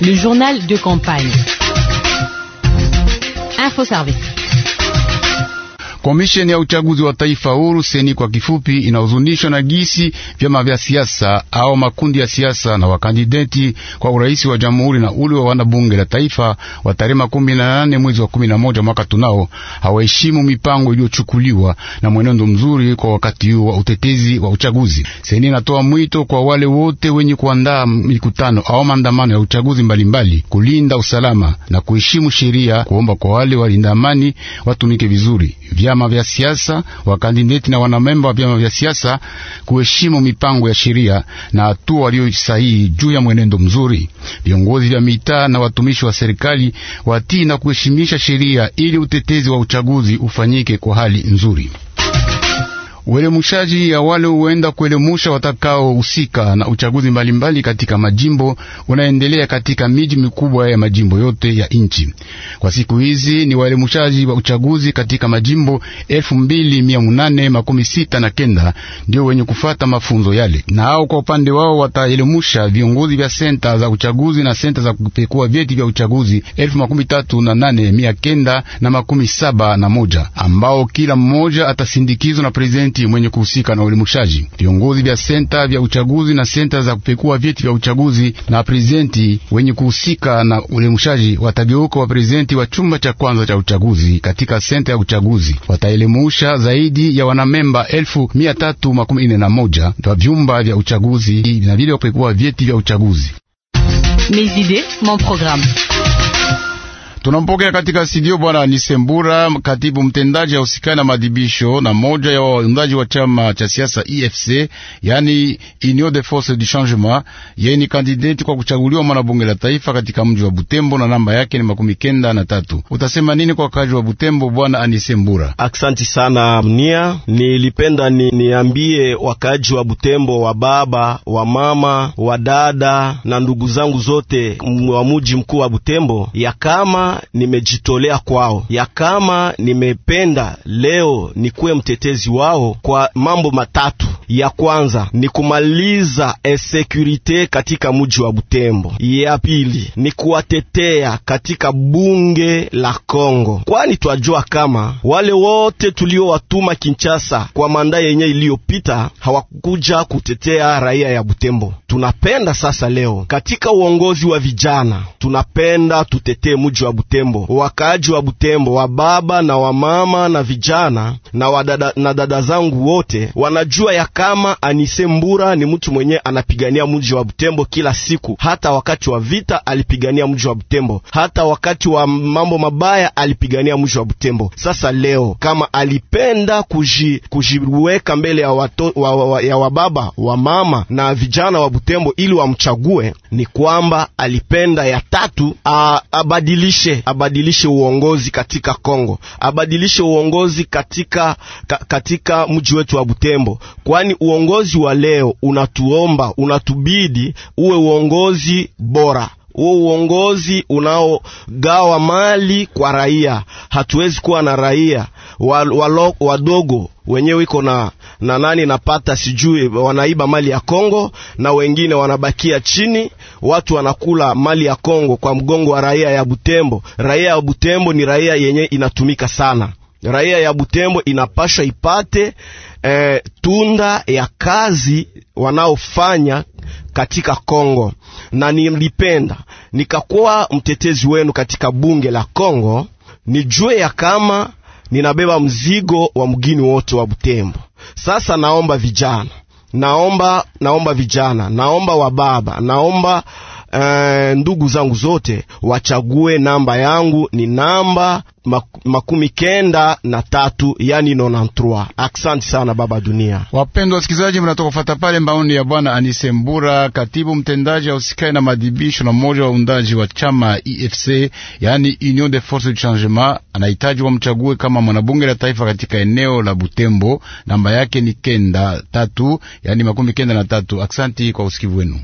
le journal de campagne. InfoService. Komisheni ya uchaguzi wa taifa huru seni kwa kifupi, inahuzunishwa na gisi vyama vya siasa au makundi ya siasa na wakandideti kwa urais wa jamhuri na ule wa wanabunge la taifa wa tarehe makumi na nane mwezi wa kumi na moja mwaka tunao hawaheshimu mipango iliyochukuliwa na mwenendo mzuri kwa wakati huu wa utetezi wa uchaguzi. Seni inatoa mwito kwa wale wote wenye kuandaa mikutano au maandamano ya uchaguzi mbalimbali mbali, kulinda usalama na kuheshimu sheria, kuomba kwa wale walinda amani watumike vizuri vyama vyama vya siasa, wakandideti na wanamemba wa vyama vya siasa kuheshimu mipango ya sheria na hatua sahihi juu ya mwenendo mzuri. Viongozi vya mitaa na watumishi wa serikali watii na kuheshimisha sheria ili utetezi wa uchaguzi ufanyike kwa hali nzuri. Uelemushaji ya wale huenda kuelemusha watakaohusika na uchaguzi mbalimbali katika majimbo unaendelea katika miji mikubwa ya majimbo yote ya nchi. Kwa siku hizi ni waelemushaji wa uchaguzi katika majimbo elfu mbili mia munane makumi sita na kenda ndio wenye kufata mafunzo yale, na hao kwa upande wao wataelemusha viongozi vya senta za uchaguzi na senta za kupekua vyeti vya uchaguzi elfu makumi tatu na nane mia kenda na makumi saba na moja ambao kila mmoja atasindikizwa na prezidenti mwenyekiti mwenye kuhusika na uelimishaji, viongozi vya senta vya uchaguzi na senta za kupekua vyeti vya uchaguzi na waprezidenti wenye kuhusika na uelimishaji watageuka wa wa chumba cha kwanza cha uchaguzi katika senta ya uchaguzi. Wataelimusha zaidi ya wanamemba elfu mia tatu makumi ine na moja wa vyumba vya uchaguzi na vile wapekua vyeti vya uchaguzi. Mes idées, mon programme. Tunampokea katika studio bwana Nisembura, katibu mtendaji ya usikani na madibisho na moja ya waundaji wa chama cha siasa IFC, e yani Union de Force du Changement. Yeye ni kandidati kwa kuchaguliwa mwanabunge la taifa katika mji wa Butembo na namba yake ni makumi kenda na tatu. Utasema nini kwa kazi wa Butembo, bwana Anisembura? Aksanti sana mnia, nilipenda ni, niambie wakaji wa Butembo, wa baba wa mama wa dada na ndugu zangu zote wa muji mkuu wa Butembo ya kama nimejitolea kwao, ya kama nimependa leo nikuwe mtetezi wao kwa mambo matatu. Ya kwanza ni kumaliza esekurite katika muji wa Butembo, ya pili ni kuwatetea katika bunge la Kongo, kwani twajua kama wale wote tuliowatuma Kinshasa kwa manda yenye iliyopita hawakuja kutetea raia ya Butembo. Tunapenda sasa leo katika uongozi wa vijana, tunapenda tutetee muji wa Butembo. Wakaaji wa Butembo, wa baba na wa mama na vijana na wadada, na dada zangu wote wanajua ya kama Anise Mbura ni mtu mwenye anapigania mji wa Butembo kila siku. Hata wakati wa vita alipigania mji wa Butembo, hata wakati wa mambo mabaya alipigania mji wa Butembo. Sasa leo kama alipenda kuji, kujiweka mbele ya, wato, wa, wa, ya wababa wa mama na vijana wa Butembo ili wamchague, ni kwamba alipenda ya tatu abadilishe Tusitoshe, abadilishe uongozi katika Kongo, abadilishe uongozi katika, ka, katika mji wetu wa Butembo, kwani uongozi wa leo unatuomba unatubidi uwe uongozi bora huo uongozi unaogawa mali kwa raia. Hatuwezi kuwa na raia wadogo wa wadogo wenyewe iko na na nani napata sijui, wanaiba mali ya Kongo na wengine wanabakia chini. Watu wanakula mali ya Kongo kwa mgongo wa raia ya Butembo. Raia ya Butembo ni raia yenye inatumika sana. Raia ya Butembo inapashwa ipate eh, tunda ya kazi wanaofanya katika Kongo, na nilipenda nikakuwa mtetezi wenu katika bunge la Kongo, nijue ya kama ninabeba mzigo wa mgini wote wa Butembo. Sasa naomba vijana, naomba naomba vijana, naomba baba, naomba Uh, ndugu zangu zote wachague namba yangu, ni namba makumi kenda na tatu yani 93. Aksanti sana baba dunia. Wapendwa wasikilizaji, mnatoka kufata pale maoni ya bwana Anise Mbura, katibu mtendaji usikai na madibisho na mmoja wa undaji wa chama IFC, yani Union de Force du Changement. Anahitaji wamchague kama mwanabunge la taifa katika eneo la Butembo. Namba yake ni kenda tatu, yani makumi kenda na tatu. Aksanti kwa usikivu wenu.